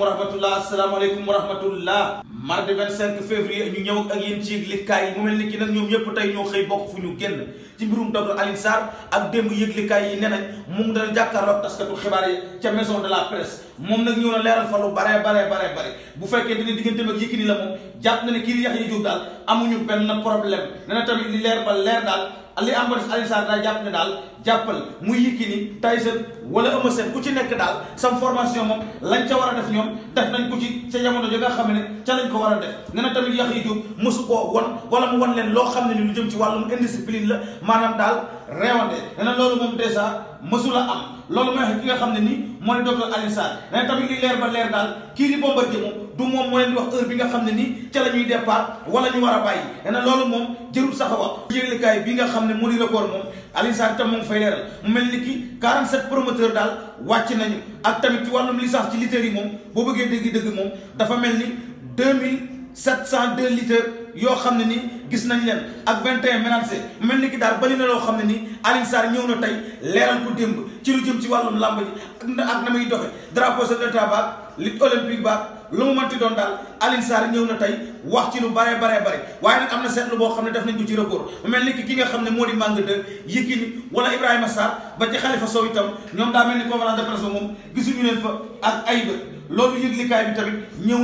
aleykum wa rahmatullah asalaamaaleykum wa rahmatullah mardi 25 février ñu ñëw ak yéen ci yëglikaay yi mu mel ni nag ñoom ñëpp tey ñoo xëy bokk fu ñu génn ci mbirum docteur Alioune ak démb yëglikaay yi ne nañ mu ngi dana jàkkaarloog taskatu xibaar de la presse moom nag ñëw na leeral fa lu bare bare bare bare bu fekkee dina digganteem ak Yékini la moom jàpp na ne kii di Yaxya Jóob daal amuñu benn problème nee tamit li leer ba leer daal li am ba des Alioune Sarr daa jàpp ne daal jàppal muy Yékini Tyson wala Eumeu Sène ku ci nekk daal sam formation moom lañ ca war a def ñoom def nañ ko ci ca jamono ja nga xam ne ca lañ ko war a def nee na tamit yax yi jóg mosu koo won wala mu won leen loo xam ne ni lu jëm ci wàllum indiscipline la maanaam daal réewante nee na loolu moom dèjà mësu la am loolu mooy ki nga xam ne nii mooy docteur Alioune Sarr dañ tamit li leer ba leer daal kii di Bombardier moom du moom moo leen di wax heure bi nga xam ne nii ca la ñuy départ wala ñu war a bàyyi dana loolu moom jërul sax a wax yëglekaay bi nga xam ne moo di record moom Alioune Sarr tam moom fay leeral mu mel ni ki 47 promoteur daal wàcc nañu ak tamit ci wàllum sax ci lutteurs yi moom boo bëggee dégg dëgg moom dafa mel ni 2000 702 litres yoo xam ne ni gis nañ leen ak 21 menacé mel ni ki daal bari na loo xam ne ni Alioune Sarr ñëw na tey leeral ko démb ci lu jëm ci wàllum làmb ji ak na muy doxe drapeau chef de l'État baag lutte olympique baag lu mu mënti doon daal Alioune ñëw na tey wax ci lu bare bare bare waaye nag am na seetlu boo xam ne daf nañ ko ci rapport mel ni ki ki nga xam ne moo di Manga 2 Yékini wala Ibrahima Sarr ba ci Khalifa Sow itam ñoom daa mel ni conférence de presse moom gisuñu leen fa ak ay bët loolu yëglikaay bi tamit ñëw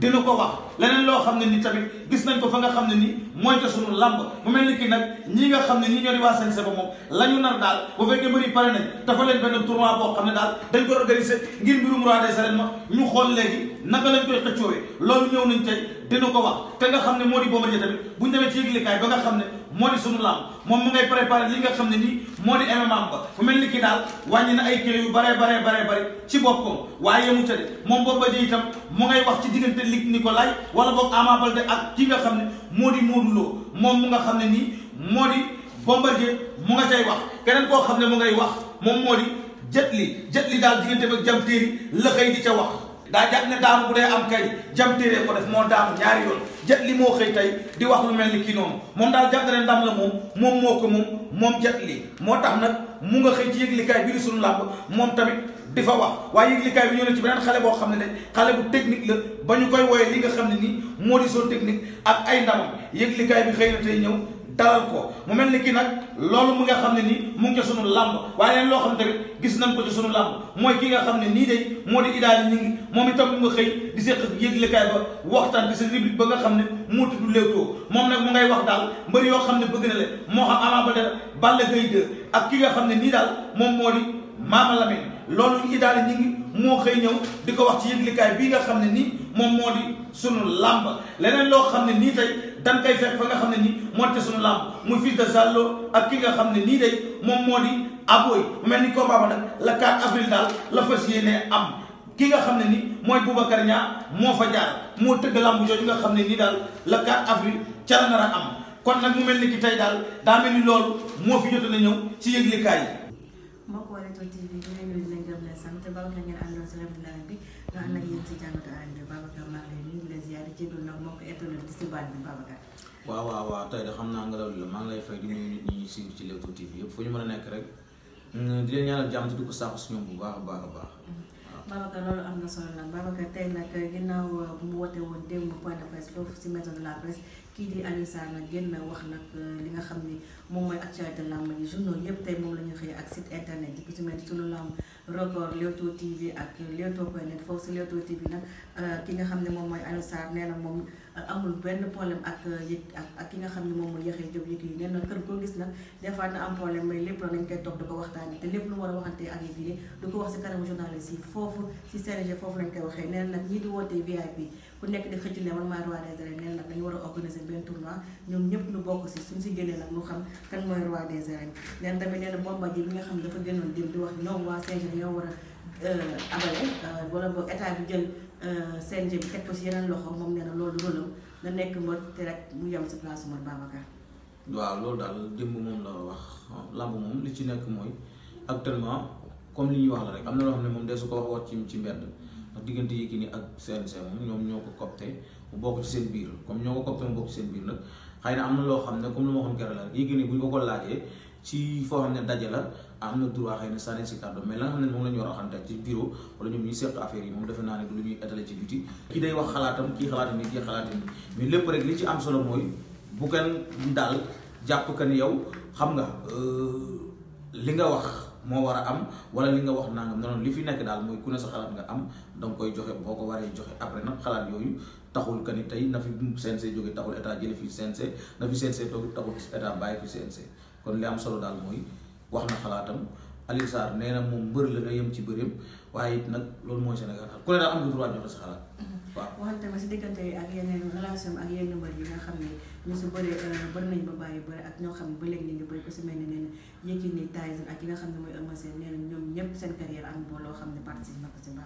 dina ko wax leneen loo xam ne ni tamit gis nañ ko fa nga xam ne ni mooy te sunu làmb nga xam ne ñi ñoo di waa CNG ba moom la ñu daal boo xam ne daal dañ ko organiser ngir mbirum roi des ma ñu xool léegi naka lañ koy xëccoowee loolu ñëw nañ tey dina ko wax te nga xam ne moo di Bombardier tamit bu ñu demee ci yëglikaay ba nga xam ne moo di sunu làmb moom mu ngay préparé li nga xam ne nii moo di MMA ba fu mel ni ki daal wàññi na ay kilo yu bare bare bare Luc Nicolaï wala boog Ama Baldé ak kii nga xam ne moo di Modou Lo moom mu nga xam ne nii moo di Bombardier mu nga cay wax keneen koo xam ne mu ngay wax moom moo di Jet Li Jet Li daal diggante ak jam la xëy di wax daa jàpp ne daam bu dee am kay jam téeree ko def moo daam ñaari yoon Jet Li moo xëy tey di wax lu mel ni kii noonu moom daal jàpp ne ndam la moom moom moo ko moom moom Jet Li moo tax nag mu nga xëy ci yëglikaay bi di sunu làmb moom tamit di fa wax waaye yëglikaay bi ñëw na ci beneen xale boo xam ne ne xale bu technique la ba ñu koy wooyee li nga xam ne nii moo di zone technique ak ay ndamam yëglikaay bi xëy na tey ñëw dalal ko mu mel ni kii nag loolu mu nga xam ne nii mu ngi ca sunu làmb waaye loo xam ne gis nañ ko ci sunu làmb ki nga xam ne nii moo di idaali ñu ngi moom itam mu nga ba waxtaan di sa rubrique ba nga xam ne moo tudd Leewtoo moom nag mu ngay wax daal mbër yoo xam ne bëgg na le moo xam Ama Baldé Balla Gaye 2 ak ki nga xam ne nii daal moom Maama Lamine loolu Idaly ñi ngi moo xëy ñëw di ko wax ci yëglikaay bii nga xam ne nii moom moo di sunu làmp leneen loo xam ne nii tey dañ koy fekk fa nga xam ne nii moo di xam ne nii day moom moo di Aboy mel ni combat ba nag la 4 avril daal la fas am. ki nga xam ne ni mooy Boubacar Niang moo fa jaar moo tëgg làmb jooju nga xam ne nii daal le 4 avril ca a am kon nag mu mel ni ki tey daal daa mel ni loolu moo fi jot na ñëw ci yëglikaay yi. Leewtoo TV ñu ngi nuyu di leen gërëm e e e mm, di sant Babacar ngeen àndoon si revue de l'arène bi ñu ànd ak yéen si jàngatu arène bi Babacar maa ngi di si baat waaw waaw waaw tey de xam naa nga la maa lay fay di nuyu nit ñi suivre ci Leewtoo TV yëpp foo ñu mën a nekk rek di leen ñaanal jàmm di ko saako suñu bu baax a baax a baax. Mm. Babacar loolu am na solo nag Babacar tey nag ginnaaw euh, bu mu woote woon démb point de presse foofu si maison la presse kii di Alioune Sarr nag génn wax nag euh, li nga xam ni moom mooy actualité làmb ji journaux yëpp tey moom la ñu xëy ak site internet yi ku ci mel ni sunu làmb record Leewtoo TV ak Leewtoo point net foofu si Leewtoo TV nag euh, ki nga xam ne moom mooy Alioune Sarr nee moom. amul benn problème ak euh, yëg ak ak ki nga xam ne moom mooy yaxee jóg yëg yi nee kër koo gis nag des na am problème mais lépp la koy toog di ko waxtaanee te lépp lu war ne roi des arènes nee na nag dañu war a organiser benn tournoi ñoom ñëpp ñu bokk si suñ si génnee nag ñu xam kan mooy roi des arènes nee tamit nee bomba ji bi nga xam ne dafa gënoon dem di wax ñoom waa CNG ñoo war a euh, abale euh, wala boog état bi jël CNG bi teg ko si yeneen loxo nga nekk mbër te rek mu yem sa place mbër Babacar. waaw loolu daal démb moom la wax làmb moom li ci nekk mooy actuellement comme li ñuy wax la rek am na loo xam ne moom de su ko wax wax ci ci mbedd ndax diggante Yékini ak seen CNG moom ñoom ñoo ko copte mu bokk ci seen biir comme ñoo ko copte mu bokk ci seen biir nag xëy na am na loo xam ne comme lu ma waxoon keroog la Yékini bu ñu ko ko laajee. ci foo xam ne daje la am na droit xëy na sànni si kàddu mais la nga xam ne moom la ñu war a waxante ci wala ñoom ñuy seq affaire yi moom defe naa ne du lu ci biti wax xalaatam kii xalaatam ni kii mais lépp rek li ci am solo mooy bu kenn daal jàpp que ni yow xam nga euh, li nga wax moo war a am wala li nga wax nangam noonu li fi nekk daal mooy ku ne sa xalaat nga am danga koy joxe boo ko waree joxe après nag xalaat yooyu taxul que ni tey na fi seen CNC jóge taxul état jële fi CNC na fi CNC toog taxul état bàyyi fi seen CNC kon li am solo daal mooy wax na xalaatam Alioune Sarr nee na moom mbër la na yem ci bëreem waaye it nag loolu mooy Sénégal ku ne daal am nga droit joxe mm-hmm. ma si diggante ak yeneen relation ak yenn mbër yi nga xam ne ñu si bëree euh, bëri nañ ba bàyyi bëri ak ñoo xam ne ba léegi ñu ngi ni nee na Yékini Tyson ak yi nga xam ne mooy Eumeu Sène nee ñëpp seen carrière am loo xam ne participe na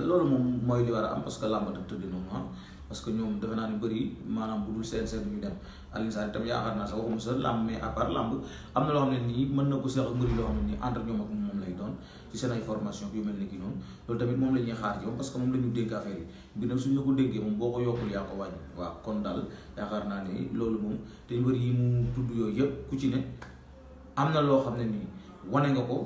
loolu moom mooy li war a am parce que làmb dafa tëdd noonu ah. parce que ñoom defe naa ne bëri maanaam bu dul CNG du ñu dem Alioune Sarr itam yaakaar naa sax waxuma sa làmb mais à làmb am na loo xam ne nii mën na ko seex ak mbëri loo xam ne nii entre ñoom ak moom lay doon ci seen ay formation yu mel ni ki noonu loolu tamit xaar ci moom parce que moom la dénk affaire yi bi nag suñu la ko dénkee moom boo ko yokkul yaa ko wàññi waaw kon daal yaakaar naa ne loolu moom te mbëri yi mu tudd yooyu yëpp ku ci ne am na loo xam ne nii wane nga ko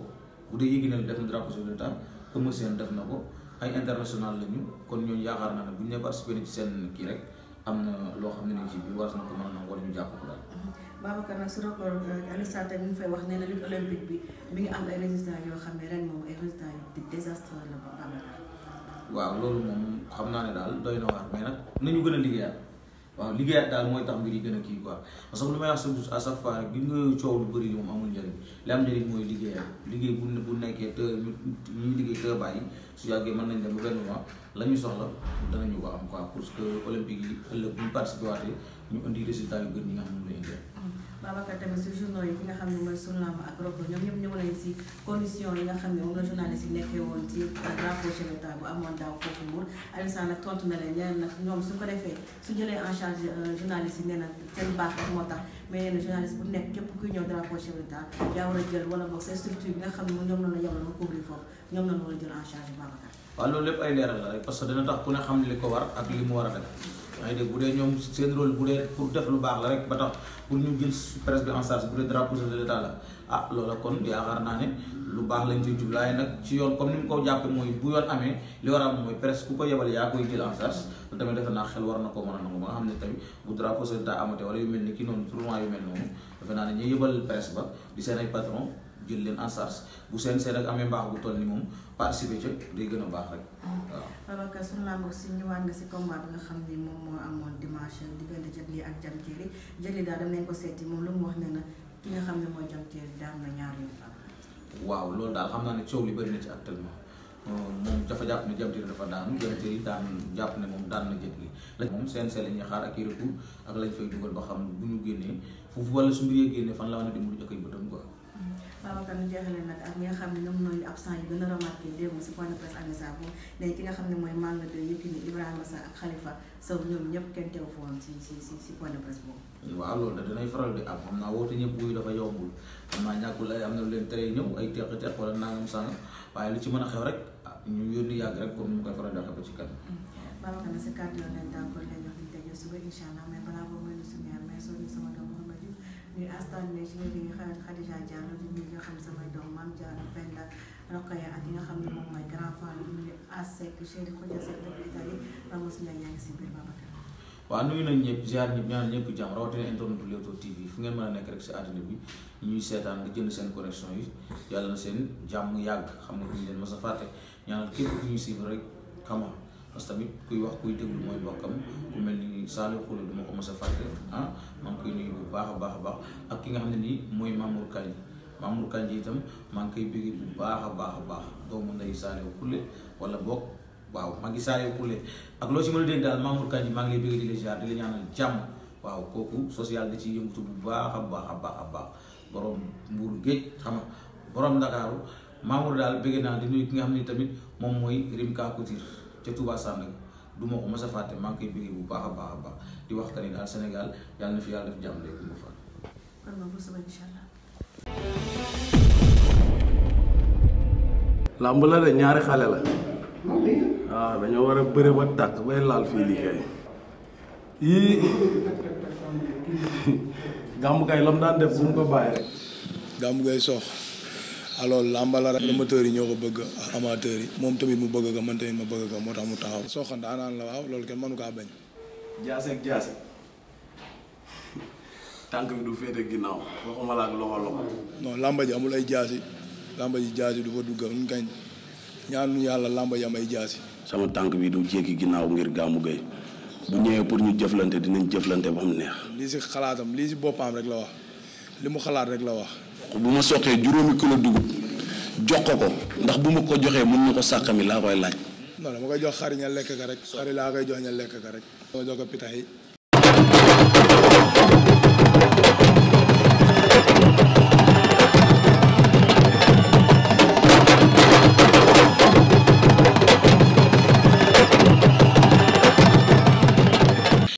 bu dee yéegi na def na drapeau sur le def na ko ay international lañu kon ñooñu yaakaar naa ne bu ñu nee participé na ci seen kii rek am na loo xam ne ni ci biir war na ko mën a nangu wala ñu jàpp ko daal. Mhm. Babacar nag su rapport euh, Alioune tamit mu fay wax nee na lutte olympique bi mi ngi am ay résultats yoo xam ne ren moom ay résultats yu désastreux la ko Babacar. waaw loolu moom xam naa ne daal doy na waar mais nag nañu gën a liggéeyaat. waaw liggéeyaat daal mooy tax mbir yi gën a kii quoi parce que lu may wax chaque jour à chaque fois rek bi coow lu bëri moom amul njëriñ li am njëriñ mooy liggéeyaat liggéey bu bu nekkee te ñu ñuy liggéey te bàyyi su yàggee mën nañ dem ba benn mois la ñu soxla danañu ko am quoi pour que olympique yi ëllëg bu ñu participé waatee ñu indi résultat yu gën nga xam ne ah, tamit si journaux yi ki nga xam ne mooy sunu lamb ak robo ñoom condition yi nga xam ne moom la journaliste yi nekkee woon ci drapeau na leen ñoom su ko defee su jëlee en euh, na seen baax moo tax mais bu nekk képp kuy ñëw drapeau chef war a jël wala boog sa xam ne ñoom a jël en charge Babacar loolu lépp ay leeral la rek parce que dana tax ku ne xam li ko war ak li mu war a def yaa ngi dégg bu dee ñoom seen rôle bu dee pour def lu baax la rek ba tax pour ñu jël presse bi en bu dee drapeau de l'état la ah loola kon yaakaar naa ne lu baax lañ ciy jublaay nag ci yoon comme ni mu ko jàppee mooy bu yoon amee li war a am mooy presse ku ko yebal yaa koy jël en charge tamit defe naa xel war na koo mën a nangu ba nga xam ne tamit bu drapeau de l'état amatee wala yu mel ni ki noonu tournoi yu mel noonu defe naa ne ñu jël leen en charge bu seen see rek amee mbaax bu toll ni moom participer ca day gën a baax rek ah. waaw. Babacar sunu làmb si ñëwaat nga si ni moom moo amoon dimanche diggante Jet Li ak Jam Teeri Jet dem nañ ko seeti moom lu mu wax ne na ki xam ne mooy Jam Teeri daan na ñaar xam naa ne li bëri ci actuellement euh, moom dafa jàpp ne Jam Teeri dafa daanu Jam Teeri daan jàpp ne moom daan na Jet Li la moom ñu génnee foofu wala su mbir la wane mu jëkkay bëtam quoi Babacar ñu jeexale nag ak ñi nga xam ne ñoom ñooy absent yi gën a remarqué ki nga xam ne mooy Manga 2 Yékini Ibrahima Sarr ak Khalifa Sow ñoom ñëpp kenn teew si si si si point de presse boobu waaw loolu da danay faral di am xam naa woote ñëpp wuyu dafa yombul xam naa ñàkkul ay am na lu leen tere ñëw ay teq teq wala nangam sànga waaye lu ci mën a xew rek ah, ñu yónni yàgg rek comme ni mu koy faral di waxee ba ci kanam Babacar mm. na sa kàddu yoon lañ daakoor lañ wax di daje suba incha allah mais balaa boobu may nu suñu mais soo ñu sama doom ñuy astanne si ñi nga xam ne Khadija Diallo di ñi nga xam samay doom maam Diallo Penda Rokhaya yi nga xam ne moom mooy grand fan yi si biir Babacar waaw nuyu nañ ñëpp ziar ñaan ñëpp jàmm rawatina internet bu TV fu ngeen mën a nekk rek si àddina bi ñuy seetaan nga jënd seen connexion yi yàlla na seen jàmm yàgg xam nga duñ leen mës a fàtte ñaanal képp ñu suivre rek xam parce tamit kuy wax kuy déglu mooy mbokkam ku mel ni Saliou Khoulé du ma ko mos a fàtte ah maa koy nuyu bu baax a baax a baax ak ki nga xam ne nii mooy Mamour Kandji Mamour Kandji itam maa ngi koy bëgg bu baax a baax a baax doomu nday Saliou Khoulé wala boog waaw maa ngi Saliou Khoulé ak loo ci ma a dégg daal Mamour Kandji maa ngi lay bëgg di la ziar di waaw kooku social da ci yëngatu bu baax a baax a baax a baax borom mbuur géej xam nga borom Ndakaaru Mamour daal bëgg naa di nuyu ki nga xam ne tamit moom mooy Rimka Couture ca Touba Sandaga du ma ko mos a fàtte maa ngi bu baax a baax a baax di wax que ni Sénégal yàlla na fi yàlla def jàmm léegi mu fa. làmb la de ñaari xale la. waaw ah, dañoo war a bëre ba tàkk bay laal fii liggéey yii gàmmu kay daan def bu mu ko bàyyi rek. gàmmu sox. alors làmba la rek amateurs yi ñoo ko bëgg amateurs yi moom tamit mu bëgg ko man tamit ma bëgg ko moo tax mu taxaw soxandaa naan la waaw loolu kenn mënu kaa bañ jaase ak tànk bi du féete ginnaaw waxuma làmba ji amul ay jaasi làmba ji jaasi du fa dugga ñu yàlla làmba ji am ay jaasi sama tànk du jéggi ginnaaw ngir gàmmu gay bu ñëwee pour ñu jëflante dinañ jëflante ba mu neex lii si xalaatam lii si boppam rek la wax li mu xalaat rek la wax bu ma soqee juróomi kilo dugub jox ko ndax bu ma ko joxee mën na ko sàkkami laa koy laaj. non dama koy jox xar ña lekk ka rek. xar laa koy jox ña lekk ka rek. ma jox ko pitax yi.